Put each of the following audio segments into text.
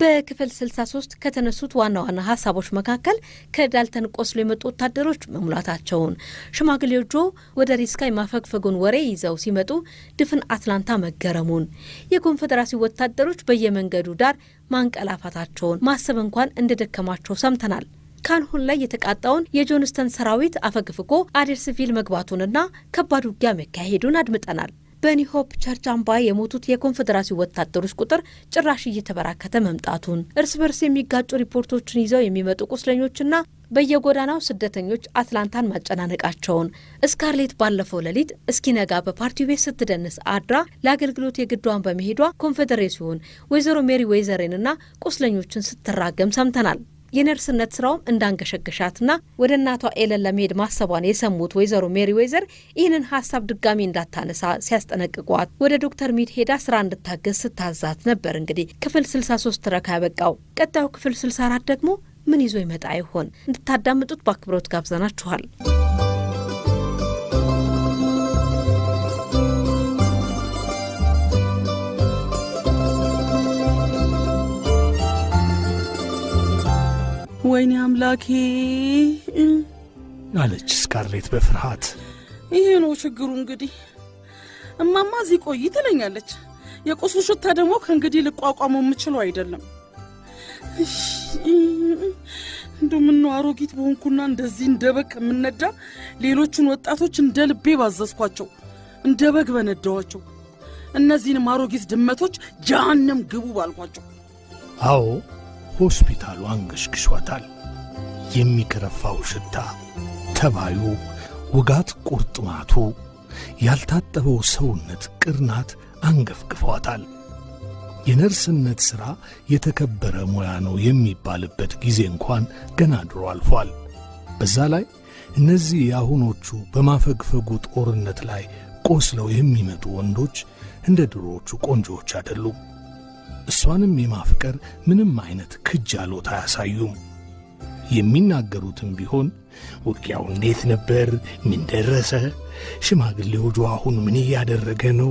በክፍል 63 ከተነሱት ዋና ዋና ሀሳቦች መካከል ከዳልተን ቆስሎ የመጡ ወታደሮች መሙላታቸውን፣ ሽማግሌዎቹ ወደ ሪስካይ ማፈግፈጉን ወሬ ይዘው ሲመጡ ድፍን አትላንታ መገረሙን፣ የኮንፌዴራሲው ወታደሮች በየመንገዱ ዳር ማንቀላፋታቸውን ማሰብ እንኳን እንደደከማቸው ሰምተናል። ካንሁን ላይ የተቃጣውን የጆንስተን ሰራዊት አፈግፍጎ አዴርስቪል መግባቱንና ከባድ ውጊያ መካሄዱን አድምጠናል። በኒሆፕ ቸርች የሞቱት የኮንፌዴራሲው ወታደሮች ቁጥር ጭራሽ እየተበራከተ መምጣቱን፣ እርስ በርስ የሚጋጩ ሪፖርቶችን ይዘው የሚመጡ ቁስለኞችና በየጎዳናው ስደተኞች አትላንታን ማጨናነቃቸውን እስካርሌት ባለፈው ሌሊት እስኪነጋ በፓርቲው ቤት ስትደንስ አድራ ለአገልግሎት የግዷን በመሄዷ ኮንፌዴሬሲውን ወይዘሮ ሜሪ ዌዘሬንና ቁስለኞችን ስትራገም ሰምተናል። የነርስነት ስራውም እንዳንገሸገሻትና ወደ እናቷ ኤለን ለመሄድ ማሰቧን የሰሙት ወይዘሮ ሜሪ ወይዘር ይህንን ሀሳብ ድጋሚ እንዳታነሳ ሲያስጠነቅቋት ወደ ዶክተር ሚድ ሄዳ ስራ እንድታገዝ ስታዛት ነበር። እንግዲህ ክፍል 63 ትረካ ያበቃው። ቀጣዩ ክፍል 64 ደግሞ ምን ይዞ ይመጣ ይሆን? እንድታዳምጡት በአክብሮት ጋብዘናችኋል። ወይኔ አምላኬ አለች ስካርሌት በፍርሃት። ይሄ ነው ችግሩ እንግዲህ እማማ እዚህ ቆይ ትለኛለች። የቁስሉ ሽታ ደግሞ ከእንግዲህ ልቋቋመው የምችለው አይደለም። እንደ ምነው አሮጊት በሆንኩና እንደዚህ እንደ በግ ከምነዳ ሌሎቹን ወጣቶች እንደ ልቤ ባዘዝኳቸው እንደ በግ በነዳዋቸው እነዚህንም አሮጊት ድመቶች ጀሃነም ግቡ ባልኳቸው። አዎ ሆስፒታሉ አንገሽግሿታል። የሚከረፋው ሽታ፣ ተባዩ፣ ውጋት ቁርጥማቱ፣ ያልታጠበው ሰውነት ቅርናት አንገፍግፏታል። የነርስነት ሥራ የተከበረ ሙያ ነው የሚባልበት ጊዜ እንኳን ገና ድሮ አልፏል። በዛ ላይ እነዚህ የአሁኖቹ በማፈግፈጉ ጦርነት ላይ ቆስለው የሚመጡ ወንዶች እንደ ድሮዎቹ ቆንጆዎች አይደሉም። እሷንም የማፍቀር ምንም አይነት ክጃሎት አያሳዩም። የሚናገሩትም ቢሆን ውጊያው እንዴት ነበር? ምን ደረሰ? ሽማግሌው ጆ አሁን ምን እያደረገ ነው?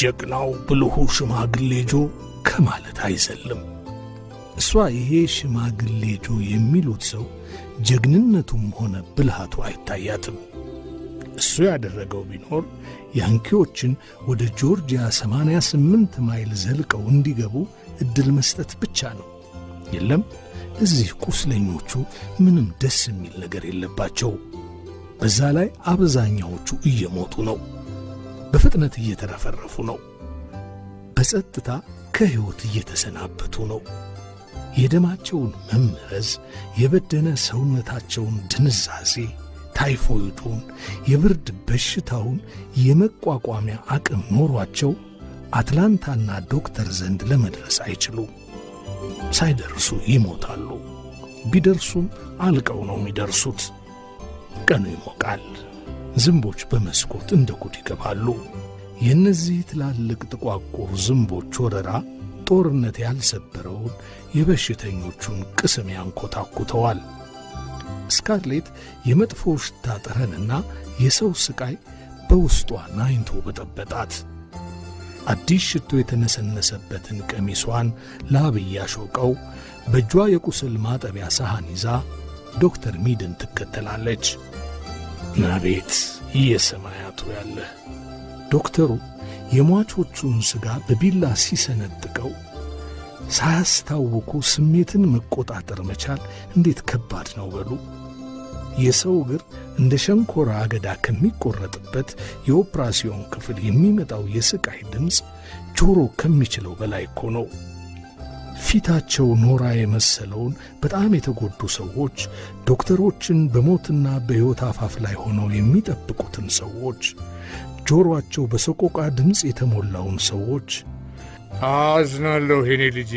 ጀግናው ብልሁ ሽማግሌ ጆ ከማለት አይዘልም። እሷ ይሄ ሽማግሌ ጆ የሚሉት ሰው ጀግንነቱም ሆነ ብልሃቱ አይታያትም። እሱ ያደረገው ቢኖር ያንኪዎችን ወደ ጆርጂያ 88 ማይል ዘልቀው እንዲገቡ ዕድል መስጠት ብቻ ነው። የለም እዚህ ቁስለኞቹ ምንም ደስ የሚል ነገር የለባቸው። በዛ ላይ አብዛኛዎቹ እየሞቱ ነው። በፍጥነት እየተረፈረፉ ነው። በጸጥታ ከሕይወት እየተሰናበቱ ነው። የደማቸውን መምረዝ የበደነ ሰውነታቸውን ድንዛዜ ታይፎይዱን፣ የብርድ በሽታውን የመቋቋሚያ አቅም ኖሯቸው አትላንታና ዶክተር ዘንድ ለመድረስ አይችሉም። ሳይደርሱ ይሞታሉ። ቢደርሱም አልቀው ነው የሚደርሱት። ቀኑ ይሞቃል። ዝንቦች በመስኮት እንደ ጉድ ይገባሉ። የእነዚህ ትላልቅ ጥቋቁር ዝንቦች ወረራ ጦርነት ያልሰበረውን የበሽተኞቹን ቅስም ያንኮታኩተዋል። ስካርሌት የመጥፎ ሽታ ጠረንና የሰው ሥቃይ በውስጧ ናይንቶ በጠበጣት። አዲስ ሽቶ የተነሰነሰበትን ቀሚሷን ላብ እያሾቀው በእጇ የቁስል ማጠቢያ ሳህን ይዛ ዶክተር ሚድን ትከተላለች። ናቤት የሰማያቱ ያለህ! ዶክተሩ የሟቾቹን ሥጋ በቢላ ሲሰነጥቀው ሳያስታውቁ ስሜትን መቆጣጠር መቻል እንዴት ከባድ ነው በሉ። የሰው እግር እንደ ሸንኮራ አገዳ ከሚቆረጥበት የኦፕራሲዮን ክፍል የሚመጣው የሥቃይ ድምፅ ጆሮ ከሚችለው በላይ እኮ ነው። ፊታቸው ኖራ የመሰለውን በጣም የተጎዱ ሰዎች፣ ዶክተሮችን በሞትና በሕይወት አፋፍ ላይ ሆነው የሚጠብቁትን ሰዎች፣ ጆሮአቸው በሰቆቃ ድምፅ የተሞላውን ሰዎች አዝናለሁ። ሄኔ ልጅ፣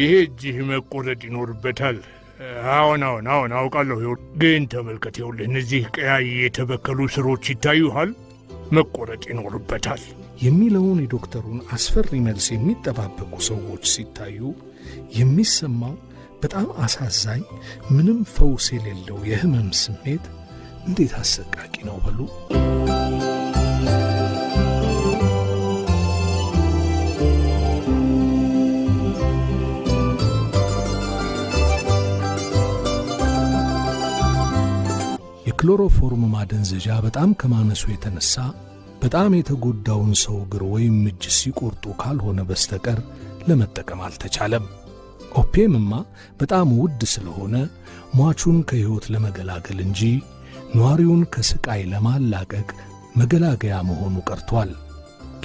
ይሄ እጅህ መቆረጥ ይኖርበታል አዎን አዎን አዎን አውቃለሁ። ግን ተመልከት፣ ይኸውልህ እነዚህ ቀያይ የተበከሉ ስሮች ይታዩሃል፣ መቆረጥ ይኖርበታል የሚለውን የዶክተሩን አስፈሪ መልስ የሚጠባበቁ ሰዎች ሲታዩ የሚሰማው በጣም አሳዛኝ፣ ምንም ፈውስ የሌለው የህመም ስሜት እንዴት አሰቃቂ ነው በሉ። የክሎሮፎርም ማደንዘዣ በጣም ከማነሱ የተነሳ በጣም የተጎዳውን ሰው እግር ወይም እጅ ሲቆርጡ ካልሆነ በስተቀር ለመጠቀም አልተቻለም። ኦፔምማ በጣም ውድ ስለሆነ ሟቹን ከሕይወት ለመገላገል እንጂ ነዋሪውን ከሥቃይ ለማላቀቅ መገላገያ መሆኑ ቀርቷል።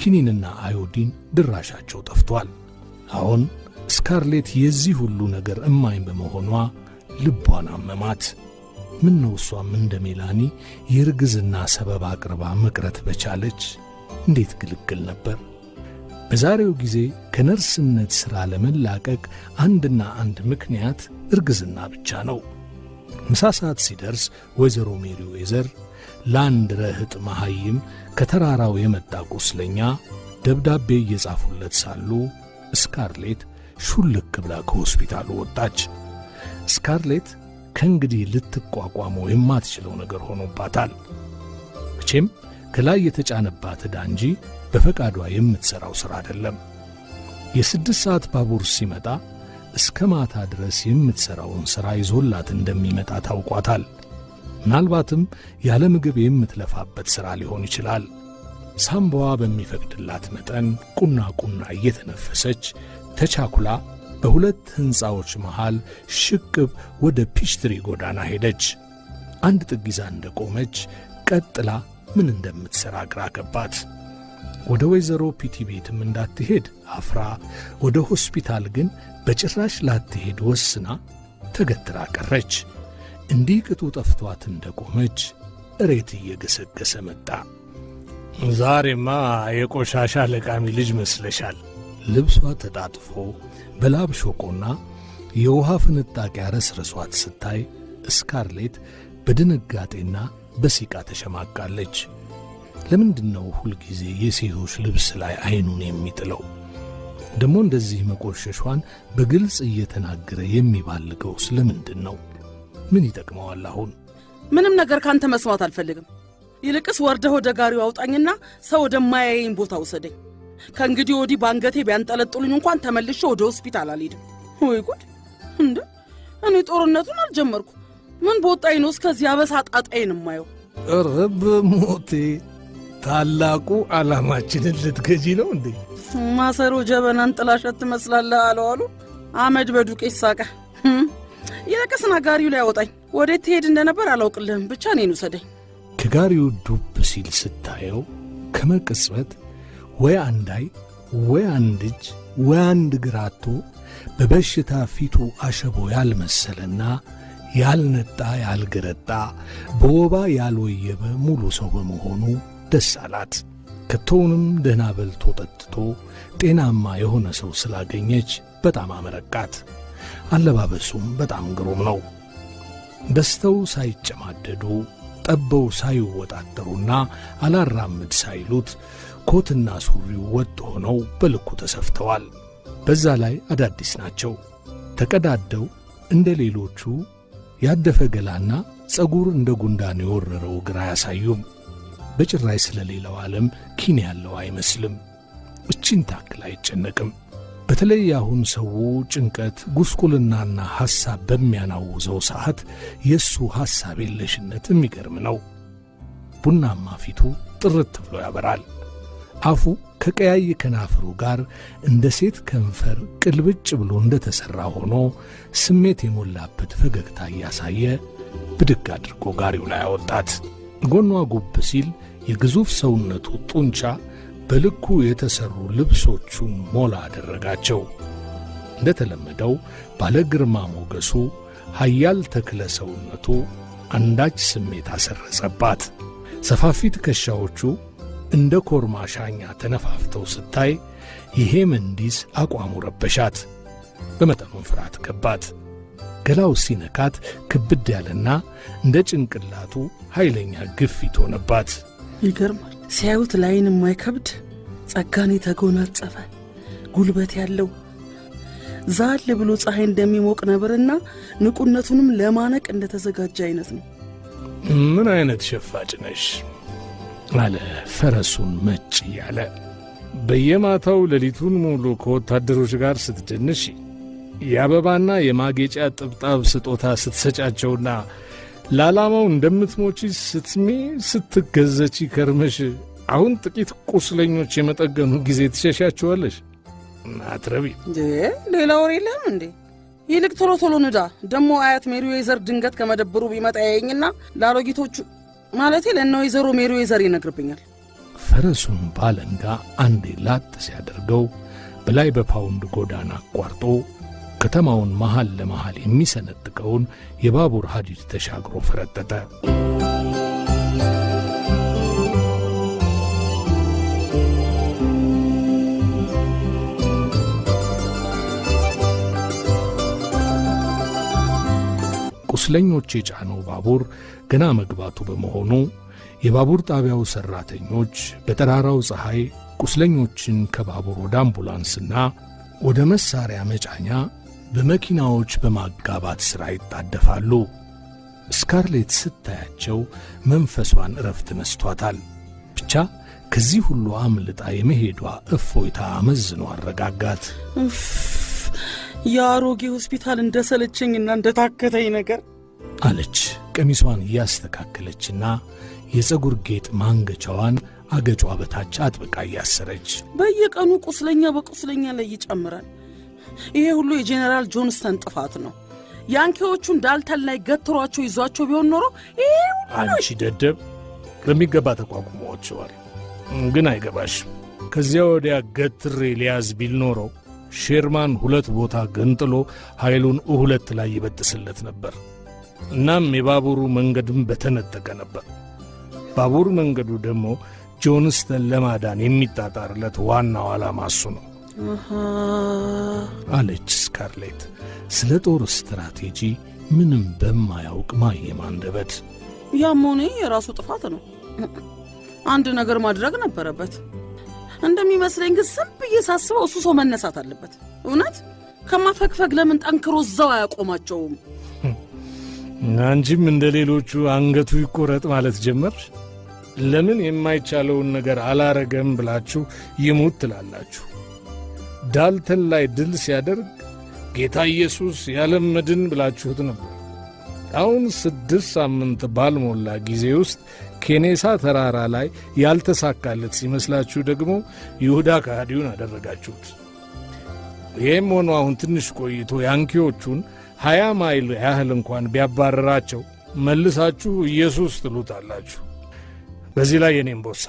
ኪኒንና አዮዲን ድራሻቸው ጠፍቷል። አሁን ስካርሌት የዚህ ሁሉ ነገር እማኝ በመሆኗ ልቧን አመማት። ምን ነው እሷም እንደ ሜላኒ የእርግዝና ሰበብ አቅርባ መቅረት በቻለች እንዴት ግልግል ነበር። በዛሬው ጊዜ ከነርስነት ሥራ ለመላቀቅ አንድና አንድ ምክንያት እርግዝና ብቻ ነው። ምሳ ሰዓት ሲደርስ ወይዘሮ ሜሪ ዌዘር ለአንድ ረህጥ መሐይም ከተራራው የመጣ ቁስለኛ ደብዳቤ እየጻፉለት ሳሉ ስካርሌት ሹልክ ብላ ከሆስፒታሉ ወጣች። ስካርሌት ከእንግዲህ ልትቋቋመው የማትችለው ነገር ሆኖባታል። መቼም ከላይ የተጫነባት ዕዳ እንጂ በፈቃዷ የምትሠራው ሥራ አይደለም። የስድስት ሰዓት ባቡር ሲመጣ እስከ ማታ ድረስ የምትሠራውን ሥራ ይዞላት እንደሚመጣ ታውቋታል። ምናልባትም ያለ ምግብ የምትለፋበት ሥራ ሊሆን ይችላል። ሳምባዋ በሚፈቅድላት መጠን ቁና ቁና እየተነፈሰች ተቻኩላ በሁለት ሕንፃዎች መሃል ሽቅብ ወደ ፒሽትሪ ጎዳና ሄደች። አንድ ጥጊዛ እንደ ቆመች ቀጥላ ምን እንደምትሠራ ግራ ገባት። ወደ ወይዘሮ ፒቲ ቤትም እንዳትሄድ አፍራ፣ ወደ ሆስፒታል ግን በጭራሽ ላትሄድ ወስና ተገትራ ቀረች። እንዲህ ቅጡ ጠፍቷት እንደ ቆመች እሬት እየገሰገሰ መጣ። ዛሬማ የቆሻሻ ለቃሚ ልጅ መስለሻል ልብሷ ተጣጥፎ በላብ ሾቆና የውሃ ፍንጣቂ አረስርሷት ስታይ እስካርሌት በድንጋጤና በሲቃ ተሸማቃለች። ለምንድን ነው ሁልጊዜ የሴቶች ልብስ ላይ ዐይኑን የሚጥለው? ደግሞ እንደዚህ መቆሸሿን በግልጽ እየተናገረ የሚባልገው ስለምንድን ነው? ምን ይጠቅመዋል? አሁን ምንም ነገር ካንተ መስማት አልፈልግም። ይልቅስ ወርደህ ወደ ጋሪው አውጣኝና ሰው ወደማያየኝ ቦታ ውሰደኝ። ከእንግዲህ ወዲህ በአንገቴ ቢያንጠለጥሉኝ እንኳን ተመልሼ ወደ ሆስፒታል አልሄድም። ወይ ጉድ! እንደ እኔ ጦርነቱን አልጀመርኩ ምን በወጣኝ ነው እስከዚህ አበሳ ጣጣዬን የማየው? እርብ ሞቴ፣ ታላቁ ዓላማችንን ልትገዢ ነው እንዴ? ማሰሮ ጀበናን ጥላሸት ትመስላለህ አለው አሉ አመድ በዱቄት ሳቀ። ና ጋሪው ላይ አወጣኝ። ወዴት ትሄድ እንደነበር አላውቅልህም፣ ብቻ እኔን ውሰደኝ። ከጋሪው ዱብ ሲል ስታየው ከመቅጽበት ወይ አንድ አይ ወይ አንድ እጅ ወይ አንድ እግር አጥቶ በበሽታ ፊቱ አሸቦ ያልመሰለና ያልነጣ ያልገረጣ በወባ ያልወየበ ሙሉ ሰው በመሆኑ ደስ አላት። ከቶውንም ደህና በልቶ ጠጥቶ ጤናማ የሆነ ሰው ስላገኘች በጣም አመረቃት። አለባበሱም በጣም ግሩም ነው። ደስተው ሳይጨማደዱ ጠበው ሳይወጣጠሩና አላራምድ ሳይሉት ኮትና ሱሪው ወጥ ሆነው በልኩ ተሰፍተዋል። በዛ ላይ አዳዲስ ናቸው። ተቀዳደው እንደ ሌሎቹ ያደፈ ገላና ጸጉር እንደ ጉንዳን የወረረው እግር አያሳዩም። በጭራይ ስለሌላው ዓለም ኪን ያለው አይመስልም። እቺን ታክል አይጨነቅም። በተለይ አሁን ሰው ጭንቀት፣ ጉስቁልናና ሐሳብ በሚያናውዘው ሰዓት የእሱ ሐሳብ የለሽነት የሚገርም ነው። ቡናማ ፊቱ ጥርት ብሎ ያበራል። አፉ ከቀያይ ከናፍሩ ጋር እንደ ሴት ከንፈር ቅልብጭ ብሎ እንደ ተሠራ ሆኖ ስሜት የሞላበት ፈገግታ እያሳየ ብድግ አድርጎ ጋሪው ላይ አወጣት። ጎኗ ጉብ ሲል የግዙፍ ሰውነቱ ጡንቻ በልኩ የተሠሩ ልብሶቹን ሞላ አደረጋቸው። እንደ ተለመደው ባለ ግርማ ሞገሱ ኃያል ተክለ ሰውነቱ አንዳች ስሜት አሰረጸባት። ሰፋፊ ትከሻዎቹ እንደ ኮርማ ሻኛ ተነፋፍተው ስታይ ይሄ መንዲስ አቋሙ ረበሻት፣ በመጠኑም ፍርሃት ገባት። ገላው ሲነካት ክብድ ያለና እንደ ጭንቅላቱ ኃይለኛ ግፊት ሆነባት። ይገርማል። ሲያዩት ላይን የማይከብድ ጸጋን የተጎናጸፈ ጉልበት ያለው ዛል ብሎ ፀሐይ እንደሚሞቅ ነብርና ንቁነቱንም ለማነቅ እንደተዘጋጀ አይነት ነው። ምን አይነት ሸፋጭ ነሽ? አለ ፈረሱን መጭ እያለ። በየማታው ሌሊቱን ሙሉ ከወታደሮች ጋር ስትደንሽ የአበባና የማጌጫ ጥብጣብ ስጦታ ስትሰጫቸውና ለዓላማው እንደምትሞች ስትሜ ስትገዘች ከርመሽ አሁን ጥቂት ቁስለኞች የመጠገኑ ጊዜ ትሸሻቸዋለሽ። አትረቢ ሌላ የለም እንዴ? ይልቅ ቶሎ ቶሎ ንዳ። ደሞ አያት ሜሪ ድንገት ከመደብሩ ቢመጣ ያየኝና ለአሮጊቶቹ ማለቴ ለእነ ወይዘሮ ሜሪ ወይዘር ይነግርብኛል። ፈረሱን ባለንጋ አንዴ ላጥ ሲያደርገው በላይ በፓውንድ ጎዳና አቋርጦ ከተማውን መሃል ለመሃል የሚሰነጥቀውን የባቡር ሐዲድ ተሻግሮ ፈረጠጠ። ቁስለኞች የጫነው ባቡር ገና መግባቱ በመሆኑ የባቡር ጣቢያው ሠራተኞች በጠራራው ፀሐይ ቁስለኞችን ከባቡር ወደ አምቡላንስና ወደ መሣሪያ መጫኛ በመኪናዎች በማጋባት ሥራ ይጣደፋሉ። ስካርሌት ስታያቸው መንፈሷን እረፍት ነስቷታል። ብቻ ከዚህ ሁሉ አምልጣ የመሄዷ እፎይታ አመዝኖ አረጋጋት። የአሮጌ ሆስፒታል እንደ ሰለቸኝና እንደ ታከተኝ ነገር አለች። ቀሚሷን እያስተካከለችና የፀጉር ጌጥ ማንገቻዋን አገጯ በታች አጥብቃ እያሰረች በየቀኑ ቁስለኛ በቁስለኛ ላይ ይጨምራል። ይሄ ሁሉ የጄኔራል ጆንስተን ጥፋት ነው። ያንኪዎቹን ዳልተን ላይ ገትሯቸው ይዟቸው ቢሆን ኖሮ አንቺ ደደብ በሚገባ ተቋቁመዋቸዋል። ግን አይገባሽ። ከዚያ ወዲያ ገትሬ ሊያዝ ቢል ኖረው ሼርማን ሁለት ቦታ ገንጥሎ ኃይሉን ሁለት ላይ ይበጥስለት ነበር። እናም የባቡሩ መንገድም በተነጠቀ ነበር። ባቡር መንገዱ ደግሞ ጆንስተን ለማዳን የሚጣጣርለት ዋናው ዓላማ እሱ ነው አለች ስካርሌት ስለ ጦር ስትራቴጂ ምንም በማያውቅ ማየም አንደበት። ያም ሆነ የራሱ ጥፋት ነው። አንድ ነገር ማድረግ ነበረበት። እንደሚመስለኝ ግን ስም ብዬ ሳስበው እሱ ሰው መነሳት አለበት። እውነት ከማፈግፈግ ለምን ጠንክሮ እዛው አያቆማቸውም? አንቺም እንደ ሌሎቹ አንገቱ ይቆረጥ ማለት ጀመርሽ። ለምን የማይቻለውን ነገር አላረገም ብላችሁ ይሙት ትላላችሁ? ዳልተን ላይ ድል ሲያደርግ ጌታ ኢየሱስ የዓለም መድን ብላችሁት ነበር። አሁን ስድስት ሳምንት ባልሞላ ጊዜ ውስጥ ኬኔሳ ተራራ ላይ ያልተሳካለት ሲመስላችሁ ደግሞ ይሁዳ ከሃዲውን አደረጋችሁት። ይህም ሆኖ አሁን ትንሽ ቆይቶ ያንኪዎቹን ሀያ ማይል ያህል እንኳን ቢያባረራቸው መልሳችሁ ኢየሱስ ትሉታላችሁ። በዚህ ላይ የኔም ቦሳ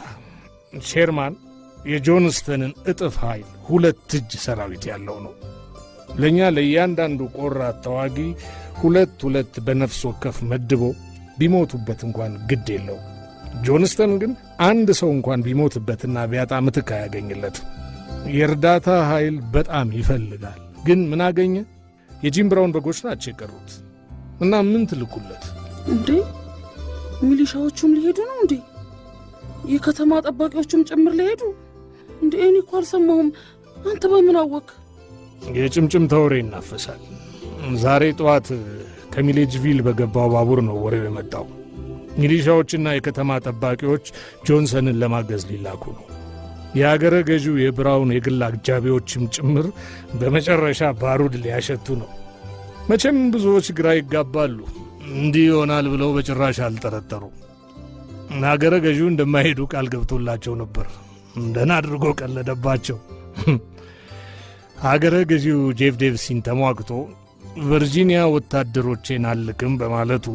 ሼርማን የጆንስተንን እጥፍ ኃይል ሁለት እጅ ሰራዊት ያለው ነው። ለእኛ ለእያንዳንዱ ቆራት ተዋጊ ሁለት ሁለት በነፍስ ወከፍ መድቦ ቢሞቱበት እንኳን ግድ የለው። ጆንስተን ግን አንድ ሰው እንኳን ቢሞትበትና ቢያጣ ምትክ አያገኝለትም። የእርዳታ ኃይል በጣም ይፈልጋል። ግን ምን አገኘ? የጂም ብራውን በጎች ናቸው የቀሩት እና ምን ትልኩለት እንዴ? ሚሊሻዎቹም ሊሄዱ ነው እንዴ? የከተማ ጠባቂዎቹም ጭምር ሊሄዱ እንዴ? እኔ እኮ አልሰማሁም። አንተ በምን አወቅ? የጭምጭምታ ወሬ ይናፈሳል። ዛሬ ጠዋት ከሚሌጅቪል በገባው ባቡር ነው ወሬው የመጣው። ሚሊሻዎችና የከተማ ጠባቂዎች ጆንሰንን ለማገዝ ሊላኩ ነው። የአገረ ገዢው የብራውን የግል አጃቢዎችም ጭምር በመጨረሻ ባሩድ ሊያሸቱ ነው። መቼም ብዙዎች ግራ ይጋባሉ። እንዲህ ይሆናል ብለው በጭራሽ አልጠረጠሩ። አገረ ገዢው እንደማይሄዱ ቃል ገብቶላቸው ነበር። ደህና አድርጎ ቀለደባቸው። አገረ ገዢው ጄፍ ዴቪሲን ተሟግቶ ቨርጂኒያ ወታደሮቼን አልክም በማለቱ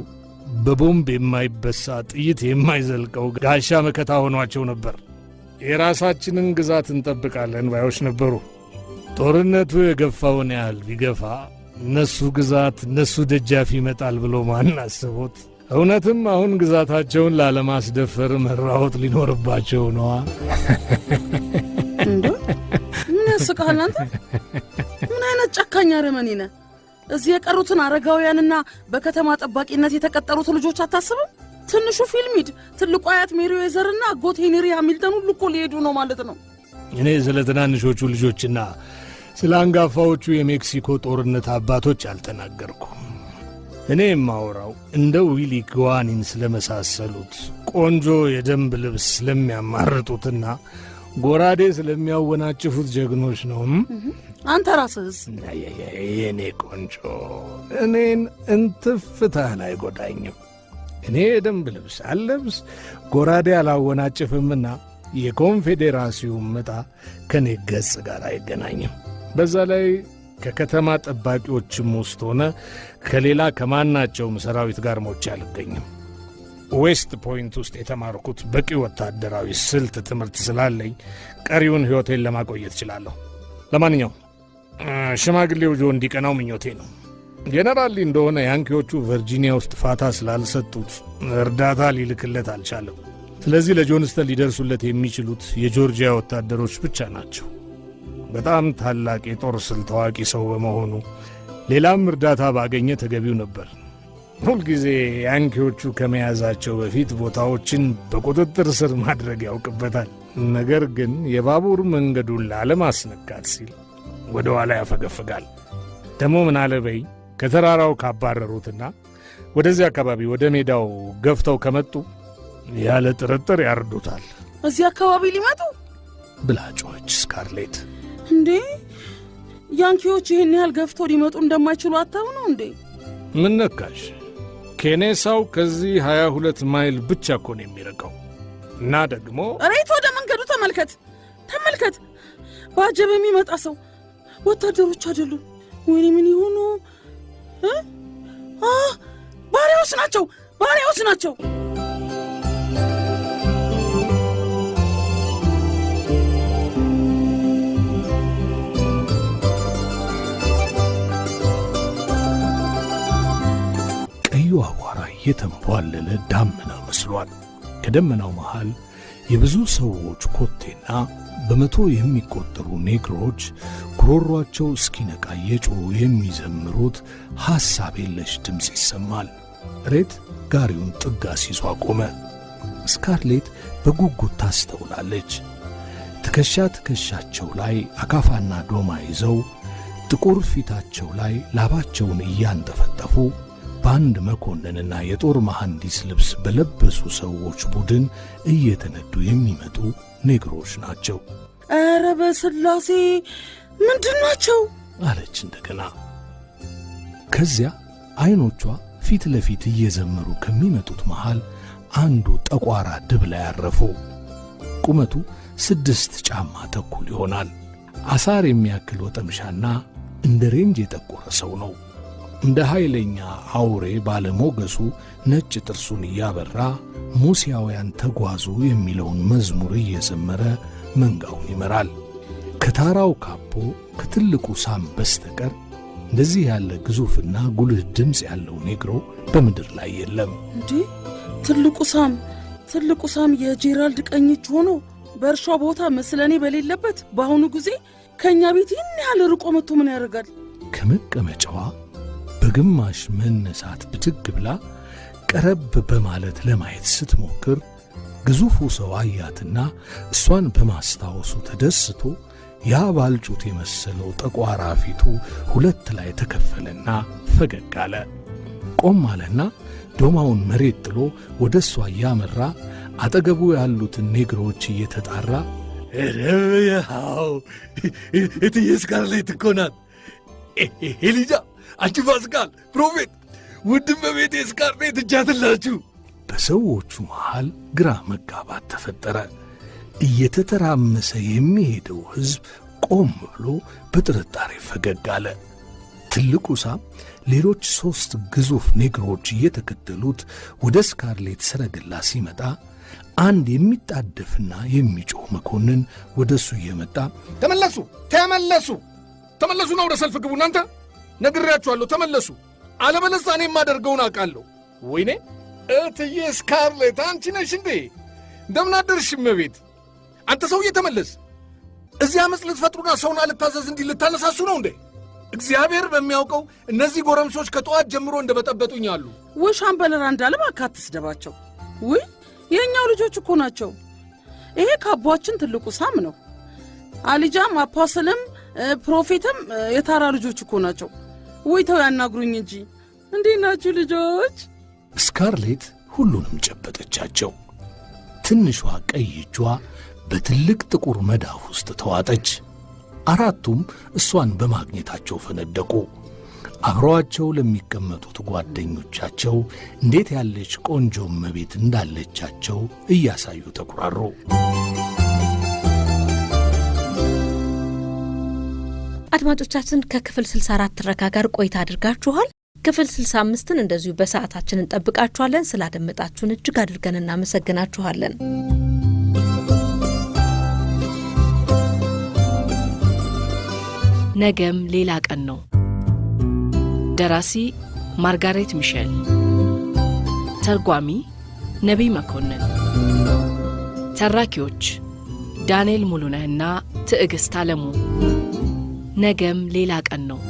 በቦምብ የማይበሳ ጥይት የማይዘልቀው ጋሻ መከታ ሆኗቸው ነበር። የራሳችንን ግዛት እንጠብቃለን ባዮች ነበሩ። ጦርነቱ የገፋውን ያህል ቢገፋ እነሱ ግዛት እነሱ ደጃፍ ይመጣል ብሎ ማን አስቦት? እውነትም አሁን ግዛታቸውን ላለማስደፈር መራወጥ ሊኖርባቸው ነዋ። እንዶ ያስቃሃል አንተ ምን አይነት ጨካኝ አረመኔ ነህ! እዚህ የቀሩትን አረጋውያንና በከተማ ጠባቂነት የተቀጠሩት ልጆች አታስብም? ትንሹ ሂድ፣ ትልቁ አያት ሜሪዌዘርና አጎት ሄንሪ ሃሚልተን ሁሉ እኮ ሊሄዱ ነው ማለት ነው። እኔ ስለ ትናንሾቹ ልጆችና ስለ አንጋፋዎቹ የሜክሲኮ ጦርነት አባቶች አልተናገርኩ እኔ የማውራው እንደ ዊሊ ግዋኒን ስለመሳሰሉት ቆንጆ የደንብ ልብስ ስለሚያማርጡትና ጎራዴ ስለሚያወናጭፉት ጀግኖች ነው። አንተ ራስህስ የእኔ ቆንጆ እኔን እንትፍታህን አይጎዳኝም። እኔ የደንብ ልብስ አለብስ ጎራዴ አላወናጭፍምና የኮንፌዴራሲው ምጣ ከእኔ ገጽ ጋር አይገናኝም። በዛ ላይ ከከተማ ጠባቂዎችም ውስጥ ሆነ ከሌላ ከማናቸውም ሰራዊት ጋር ሞቼ አልገኝም። ዌስት ፖይንት ውስጥ የተማርኩት በቂ ወታደራዊ ስልት ትምህርት ስላለኝ ቀሪውን ሕይወቴን ለማቆየት እችላለሁ። ለማንኛውም ሽማግሌው ጆ እንዲቀናው ምኞቴ ነው። ጄኔራል እንደሆነ ያንኪዎቹ ቨርጂኒያ ውስጥ ፋታ ስላልሰጡት እርዳታ ሊልክለት አልቻለም። ስለዚህ ለጆንስተን ሊደርሱለት የሚችሉት የጆርጂያ ወታደሮች ብቻ ናቸው። በጣም ታላቅ የጦር ስል ታዋቂ ሰው በመሆኑ ሌላም እርዳታ ባገኘ ተገቢው ነበር። ሁልጊዜ ያንኪዎቹ ከመያዛቸው በፊት ቦታዎችን በቁጥጥር ስር ማድረግ ያውቅበታል። ነገር ግን የባቡር መንገዱን ላለማስነካት ሲል ወደ ኋላ ያፈገፍጋል። ደግሞ ምን አለ በይ ከተራራው ካባረሩትና ወደዚህ አካባቢ ወደ ሜዳው ገፍተው ከመጡ ያለ ጥርጥር ያርዱታል። እዚህ አካባቢ ሊመጡ ብላጮች ስካርሌት፣ እንዴ ያንኪዎች ይህን ያህል ገፍተው ሊመጡ እንደማይችሉ አታው ነው እንዴ? ምን ነካሽ? ኬኔሳው ከዚህ 22 ማይል ብቻ እኮ ነው የሚርቀው። እና ደግሞ ሬት ወደ መንገዱ ተመልከት፣ ተመልከት። በአጀብ የሚመጣ ሰው ወታደሮች አይደሉም። ወይኔ ምን ይሆኑ ባሪያዎች ናቸው፣ ባሪያዎች ናቸው። ቀዩ አቧራ የተንቧለለ ዳመና መስሏል። ከደመናው መሃል የብዙ ሰዎች ኮቴና በመቶ የሚቆጠሩ ኔግሮች ጉሮሯቸው እስኪነቃ የጮሁ የሚዘምሩት ሐሳብ የለሽ ድምፅ ይሰማል። ሬት ጋሪውን ጥጋ ሲዞ አቆመ። ስካርሌት በጉጉት ታስተውላለች። ትከሻ ትከሻቸው ላይ አካፋና ዶማ ይዘው ጥቁር ፊታቸው ላይ ላባቸውን እያንጠፈጠፉ በአንድ መኮንንና የጦር መሐንዲስ ልብስ በለበሱ ሰዎች ቡድን እየተነዱ የሚመጡ ኔግሮች ናቸው። ኧረ በስላሴ ምንድን ናቸው? አለች እንደገና። ከዚያ ዐይኖቿ ፊት ለፊት እየዘመሩ ከሚመጡት መሃል አንዱ ጠቋራ ድብ ላይ አረፉ። ቁመቱ ስድስት ጫማ ተኩል ይሆናል። አሳር የሚያክል ወጠምሻና እንደ ሬንጅ የጠቆረ ሰው ነው። እንደ ኃይለኛ አውሬ ባለሞገሱ ነጭ ጥርሱን እያበራ ሙሲያውያን ተጓዙ የሚለውን መዝሙር እየዘመረ መንጋውን ይመራል። ከታራው ካፖ ከትልቁ ሳም በስተቀር እንደዚህ ያለ ግዙፍና ጉልህ ድምፅ ያለው ኔግሮ በምድር ላይ የለም። እንዲህ ትልቁ ሳም ትልቁ ሳም የጄራልድ ቀኝ እጅ ሆኖ በእርሻ ቦታ መስለኔ በሌለበት በአሁኑ ጊዜ ከእኛ ቤት ይህን ያህል ርቆ መጥቶ ምን ያደርጋል? ከመቀመጫዋ በግማሽ መነሳት ብድግ ብላ ቀረብ በማለት ለማየት ስትሞክር ግዙፉ ሰው አያትና እሷን በማስታወሱ ተደስቶ ያ ባልጩት የመሰለው ጠቋራ ፊቱ ሁለት ላይ ተከፈለና ፈገግ አለ። ቆም አለና ዶማውን መሬት ጥሎ ወደ እሷ እያመራ አጠገቡ ያሉትን ኔግሮዎች እየተጣራ ረው እትዬ ስካርሌት እኮ ናት ሄሊጃ አንቺ ፓስካል፣ ፕሮፌት፣ ውድም በቤቴ ስካርሌት እጃትላችሁ። በሰዎቹ መሃል ግራ መጋባት ተፈጠረ። እየተተራመሰ የሚሄደው ሕዝብ ቆም ብሎ በጥርጣሬ ፈገግ አለ። ትልቁ ሳም ሌሎች ሦስት ግዙፍ ኔግሮዎች እየተከተሉት ወደ ስካርሌት ሰረገላ ሲመጣ አንድ የሚጣደፍና የሚጮህ መኮንን ወደ እሱ እየመጣ ተመለሱ፣ ተመለሱ፣ ተመለሱና ወደ ሰልፍ ግቡ እናንተ ነግሬያችኋለሁ፣ ተመለሱ። አለበለዚያ እኔ የማደርገውን አውቃለሁ። ወይኔ እትዬ ስካርሌት አንቺ ነሽ እንዴ? እንደምን አደርሽ እመቤት። አንተ ሰውዬ ተመለስ። እዚህ ዓመፅ ልትፈጥሩና ሰውን አልታዘዝ እንዲህ ልታነሳሱ ነው እንዴ? እግዚአብሔር በሚያውቀው እነዚህ ጎረምሶች ከጠዋት ጀምሮ እንደ በጠበጡኝ አሉ። ውይ ሻምበለራ እንዳለም አካትስደባቸው። ውይ የእኛው ልጆች እኮ ናቸው። ይሄ ካቧችን ትልቁ ሳም ነው። አሊጃም አፓስልም ፕሮፌትም የታራ ልጆች እኮ ናቸው። ውይተው ያናግሩኝ እንጂ። እንዴት ናችሁ ልጆች? ስካርሌት ሁሉንም ጨበጠቻቸው። ትንሿ ቀይ እጇ በትልቅ ጥቁር መዳፍ ውስጥ ተዋጠች። አራቱም እሷን በማግኘታቸው ፈነደቁ። አብረዋቸው ለሚቀመጡት ጓደኞቻቸው እንዴት ያለች ቆንጆ እመቤት እንዳለቻቸው እያሳዩ ተኩራሩ። አድማጮቻችን ከክፍል 64 ትረካ ጋር ቆይታ አድርጋችኋል። ክፍል 65ን እንደዚሁ በሰዓታችን እንጠብቃችኋለን። ስላደመጣችሁን እጅግ አድርገን እናመሰግናችኋለን። ነገም ሌላ ቀን ነው። ደራሲ ማርጋሬት ሚሼል፣ ተርጓሚ ነቢይ መኮንን፣ ተራኪዎች ዳንኤል ሙሉነህና ትዕግሥት አለሙ ነገም ሌላ ቀን ነው።